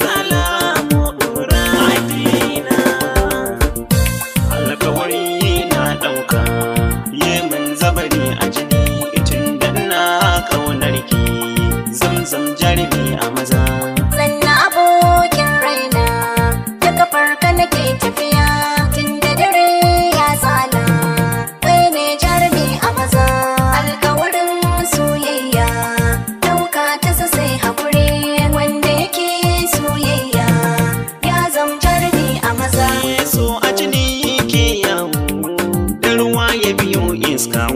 Salam.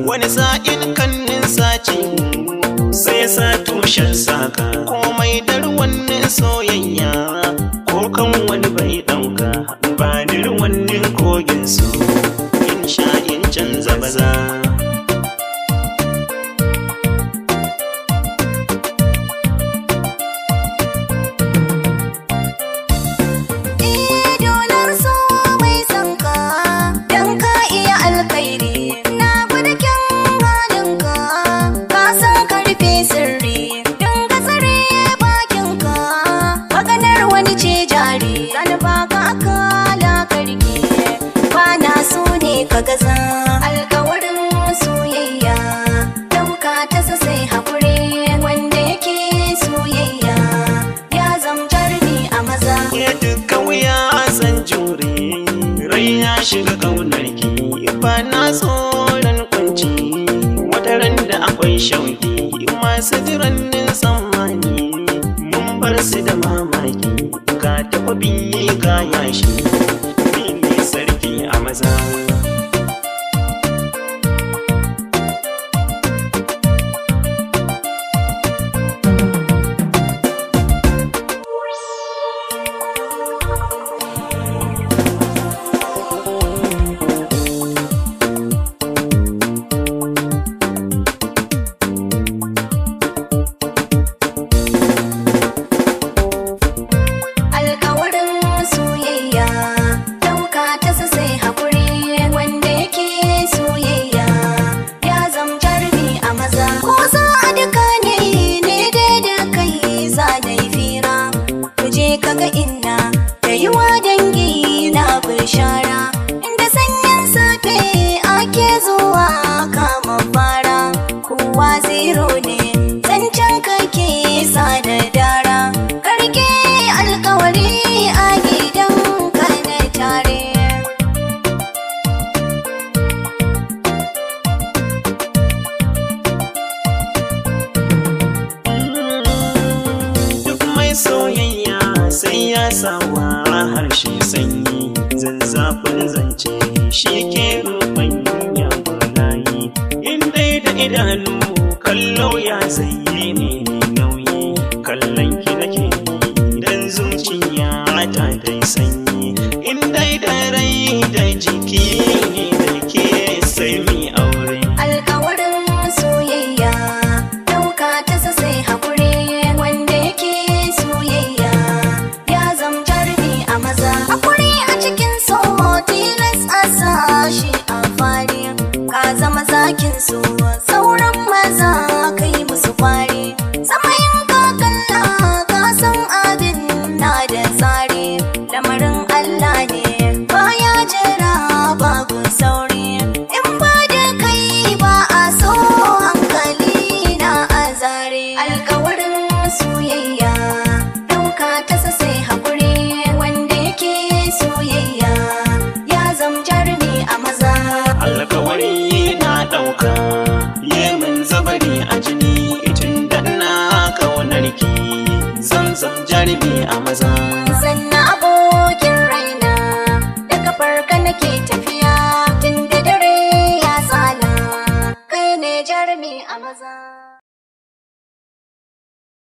wani sa'in kannin sace sai sa tushen saka komai dar wannan soyayya shiga ƙaunarki ba na tsoron kunci wataran da akwai shauki masu jirannin tsammani mun bar su da mamaki ga takwabi yi ga yashi ne sarki a maza sawa harshe sanyi zafin zance shi ke rufan ya yi. in dai da idanu kallo ya zayyane nauyi kallon ki nake ɗakin su a maza sannan abokin raina daga farka nake tafi